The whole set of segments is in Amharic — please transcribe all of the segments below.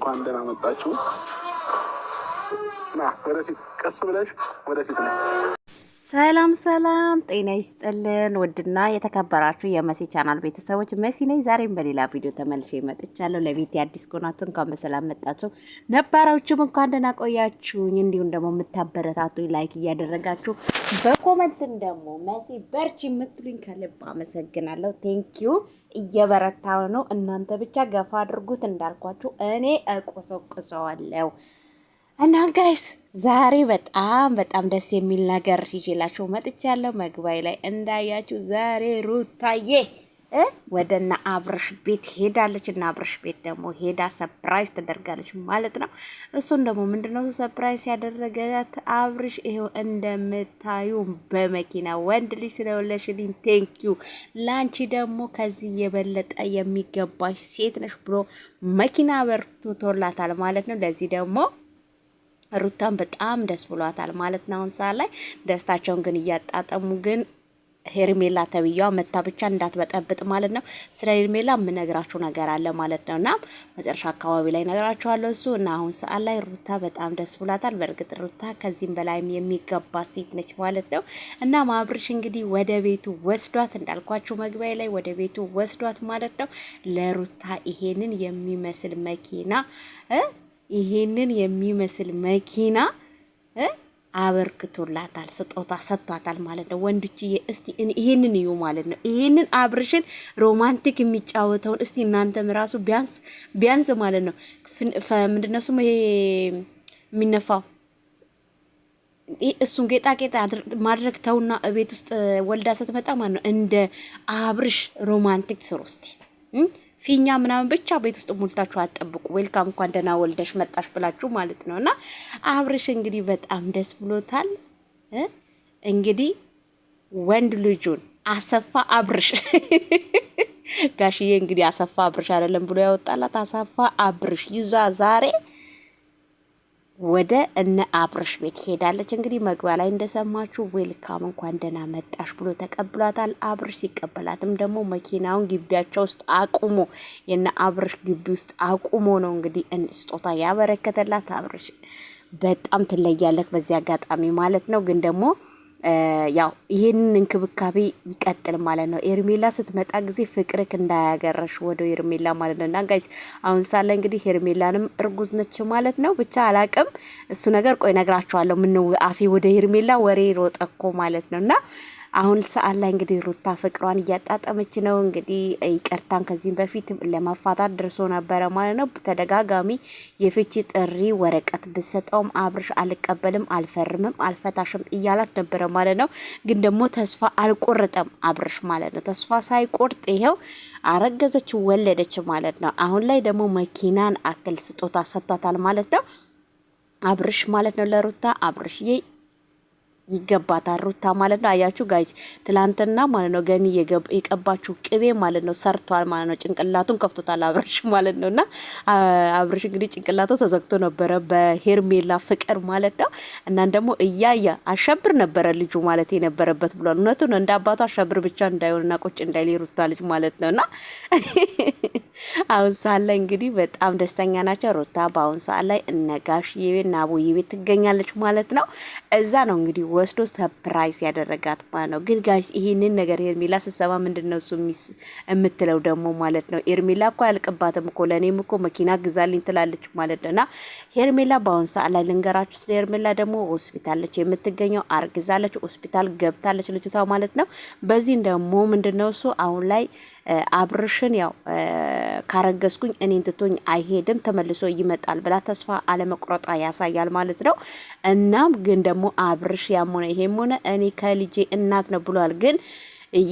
እንኳን ደህና መጣችሁ። ና ወደፊት፣ ቀስ ብለሽ ወደፊት ነው። ሰላም ሰላም፣ ጤና ይስጥልን ውድና የተከበራችሁ የመሲ ቻናል ቤተሰቦች፣ መሲ ነኝ። ዛሬም በሌላ ቪዲዮ ተመልሼ መጥቻለሁ። ለቤት የአዲስ ከሆናችሁ እንኳን በሰላም መጣችሁ፣ ነባራችሁም እንኳን ደህና ቆያችሁኝ። እንዲሁም ደግሞ የምታበረታቱ ላይክ እያደረጋችሁ በኮመንትን ደግሞ መሲ በርች የምትሉኝ ከልብ አመሰግናለሁ። ቴንኪዩ። እየበረታ ነው። እናንተ ብቻ ገፋ አድርጉት። እንዳልኳችሁ እኔ እቆሰቁሰዋለሁ እና ጋይስ ዛሬ በጣም በጣም ደስ የሚል ነገር ይዤላችሁ መጥቻለሁ። መግባይ ላይ እንዳያችሁ ዛሬ ሩታዬ ወደ እነ አብርሽ ቤት ሄዳለች እና አብርሽ ቤት ደግሞ ሄዳ ሰፕራይዝ ተደርጋለች ማለት ነው። እሱን ደግሞ ምንድነው ሰፕራይዝ ያደረገት አብርሽ፣ ይሄው እንደምታዩ በመኪና ወንድ ልጅ ስለወለሽልኝ ቴንኪዩ፣ ላንቺ ደግሞ ከዚህ የበለጠ የሚገባሽ ሴት ነሽ ብሎ መኪና በርቱቶላታል ማለት ነው። ለዚህ ደግሞ ሩታን በጣም ደስ ብሏታል ማለት ነው። አሁን ሰዓት ላይ ደስታቸውን ግን እያጣጠሙ ግን ሄርሜላ ተብዬዋ መታ ብቻ እንዳትበጠብጥ ማለት ነው። ስለ ሄርሜላ የምነግራችሁ ነገር አለ ማለት ነው እና መጨረሻ አካባቢ ላይ ነግራችኋለሁ እሱ እና አሁን ሰዓት ላይ ሩታ በጣም ደስ ብሏታል። በእርግጥ ሩታ ከዚህም በላይም የሚገባ ሴት ነች ማለት ነው እና ማብርሽ እንግዲህ ወደ ቤቱ ወስዷት እንዳልኳችሁ መግቢያ ላይ ወደ ቤቱ ወስዷት ማለት ነው። ለሩታ ይሄንን የሚመስል መኪና ይሄንን የሚመስል መኪና አበርክቶላታል፣ ስጦታ ሰጥቷታል ማለት ነው። ወንዶችዬ እስቲ ይሄንን እዩ ማለት ነው። ይሄንን አብርሽን ሮማንቲክ የሚጫወተውን እስቲ እናንተም ራሱ ቢያንስ ቢያንስ ማለት ነው ምንድን ስሙ ይሄ የሚነፋው እሱን ጌጣጌጥ ማድረግ ተውና ቤት ውስጥ ወልዳ ስትመጣ ማለት ነው እንደ አብርሽ ሮማንቲክ ስሩ እስቲ ፊኛ ምናምን ብቻ ቤት ውስጥ ሙልታችሁ አጠብቁ። ዌልካም እንኳን ደህና ወልደሽ መጣሽ ብላችሁ ማለት ነው። እና አብርሽ እንግዲህ በጣም ደስ ብሎታል። እንግዲህ ወንድ ልጁን አሰፋ አብርሽ ጋሽዬ እንግዲህ አሰፋ አብርሽ አይደለም ብሎ ያወጣላት አሰፋ አብርሽ ይዛ ዛሬ ወደ እነ አብርሽ ቤት ሄዳለች። እንግዲህ መግቢያ ላይ እንደሰማችሁ ዌልካም እንኳን ደህና መጣሽ ብሎ ተቀብሏታል። አብርሽ ሲቀበላትም ደግሞ መኪናውን ግቢያቸው ውስጥ አቁሞ የነ አብርሽ ግቢ ውስጥ አቁሞ ነው እንግዲህ ስጦታ ያበረከተላት። አብርሽ በጣም ትለያለህ በዚህ አጋጣሚ ማለት ነው ግን ደግሞ ያው ይህንን እንክብካቤ ይቀጥል ማለት ነው። ሄርሜላ ስትመጣ ጊዜ ፍቅርክ እንዳያገረሽ ወደ ሄርሜላ ማለት ነው። እና ጋይስ አሁን ሳለ እንግዲህ ሄርሜላንም እርጉዝ ነች ማለት ነው። ብቻ አላቅም እሱ ነገር ቆይ ነግራችኋለሁ። ምን አፌ ወደ ሄርሜላ ወሬ ሮጠኮ ማለት ነው እና አሁን ሰዓት ላይ እንግዲህ ሩታ ፍቅሯን እያጣጠመች ነው። እንግዲህ ይቅርታን ከዚህም በፊት ለማፋታት ደርሶ ነበረ ማለት ነው። ተደጋጋሚ የፍቺ ጥሪ ወረቀት ብሰጠውም አብርሽ አልቀበልም፣ አልፈርምም፣ አልፈታሽም እያላት ነበረ ማለት ነው። ግን ደግሞ ተስፋ አልቆርጠም አብርሽ ማለት ነው። ተስፋ ሳይቆርጥ ይኸው አረገዘች፣ ወለደች ማለት ነው። አሁን ላይ ደግሞ መኪናን አክል ስጦታ ሰጥቷታል ማለት ነው። አብርሽ ማለት ነው ለሩታ ይ ይገባታል ሩታ ማለት ነው። አያችሁ ጋይዝ ትላንትና ማለት ነው ገኒ የቀባችሁ ቅቤ ማለት ነው ሰርቷል ማለት ነው። ጭንቅላቱን ከፍቶታል አብረሽ ማለት ነው። እና አብረሽ እንግዲህ ጭንቅላቱ ተዘግቶ ነበረ በሄርሜላ ፍቅር ማለት ነው። እናን ደግሞ እያየ አሸብር ነበረ ልጁ ማለት የነበረበት ብሏል። እውነቱን እንደ አባቱ አሸብር ብቻ እንዳይሆንና ቁጭ እንዳይል ሩታ ልጅ ማለት እና አሁን ሰዓት ላይ እንግዲህ በጣም ደስተኛ ናቸው። ሩታ በአሁን ሰዓት ላይ እነ ጋሽዬ ቤት እና አቦዬ ቤት ትገኛለች ማለት ነው። እዛ ነው እንግዲህ ወስዶ ሰፕራይዝ ያደረጋት ማለት ነው። ግን ጋሽ ይህንን ነገር ኤርሜላ ስትሰማ ምንድን ነው እሱ የምትለው ደግሞ ማለት ነው። ኤርሜላ እኮ አያልቅባትም እኮ ለእኔም እኮ መኪና ግዛልኝ ትላለች ማለት ነው። እና ኤርሜላ በአሁን ሰዓት ላይ ልንገራችሁ ስለ ኤርሜላ ደግሞ ሆስፒታለች የምትገኘው አርግዛለች፣ ሆስፒታል ገብታለች ልጅቷ ማለት ነው። በዚህ ደግሞ ምንድን ነው እሱ አሁን ላይ አብርሽን ያው ካረገዝኩኝ እኔን ትቶኝ አይሄድም ተመልሶ ይመጣል ብላ ተስፋ አለመቁረጧ ያሳያል ማለት ነው። እናም ግን ደግሞ አብርሽ ያም ሆነ ይሄም ሆነ እኔ ከልጄ እናት ነው ብሏል ግን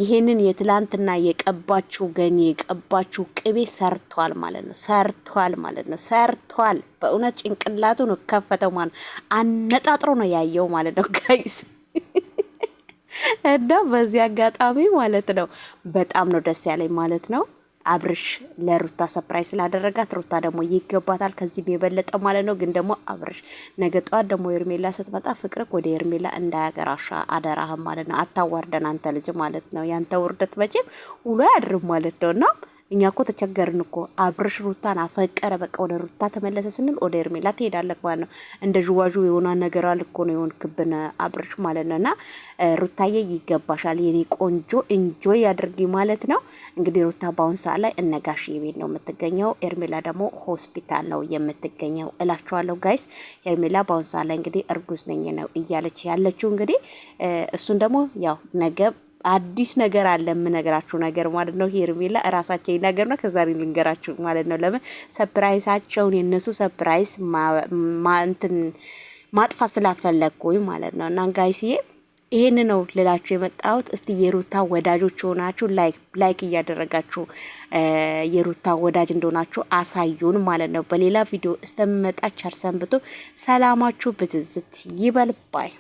ይሄንን የትላንትና የቀባችው ገኒ የቀባችው ቅቤ ሰርቷል ማለት ነው። ሰርቷል ማለት ነው። ሰርቷል በእውነት ጭንቅላቱ ነው ከፈተው ማለት አነጣጥሮ ነው ያየው ማለት ነው ጋይስ እና በዚህ አጋጣሚ ማለት ነው በጣም ነው ደስ ያለኝ ማለት ነው። አብርሽ ለሩታ ሰፕራይዝ ስላደረጋት ሩታ ደግሞ ይገባታል ከዚህ የበለጠ ማለት ነው። ግን ደግሞ አብርሽ ነገ ጠዋት ደግሞ ኤርሜላ ስትመጣ ፍቅርክ ወደ ኤርሜላ እንዳያገራሻ አደራህም ማለት ነው። አታዋርደን አንተ ልጅ ማለት ነው። ያንተ ውርደት መቼም ውሎ አያድርም ማለት ነው እና እኛ እኮ ተቸገርን እኮ አብርሽ ሩታን አፈቀረ፣ በቃ ወደ ሩታ ተመለሰ ስንል ወደ ኤርሜላ ትሄዳለህ ማለት ነው። እንደ ዥዋዥ የሆነ ነገር አልኮ ነው የሆንክብን አብርሽ ማለት ነው። እና ሩታዬ ይገባሻል፣ የኔ ቆንጆ እንጆይ ያድርጊ ማለት ነው። እንግዲህ ሩታ በአሁን ሰዓት ላይ እነጋሽ የቤት ነው የምትገኘው፣ ኤርሜላ ደግሞ ሆስፒታል ነው የምትገኘው እላችኋለሁ ጋይስ። ኤርሜላ በአሁን ሰዓት ላይ እንግዲህ እርጉዝ ነኝ ነው እያለች ያለችው። እንግዲህ እሱን ደግሞ ያው ነገብ አዲስ ነገር አለ የምነግራችሁ ነገር ማለት ነው። ሄርሜላ እራሳቸው ይናገር ነው ከዛሬ ልንገራችሁ ማለት ነው። ለምን ሰፕራይሳቸውን የነሱ ሰፕራይስ እንትን ማጥፋት ስላልፈለግኩኝ ማለት ነው። እና ጋይስዬ ይህን ነው ልላችሁ የመጣሁት። እስቲ የሩታ ወዳጆች ሆናችሁ ላይክ እያደረጋችሁ የሩታ ወዳጅ እንደሆናችሁ አሳዩን ማለት ነው። በሌላ ቪዲዮ እስከምመጣ ቸር ሰንብቱ። ሰላማችሁ ብዝዝት ይበልባይ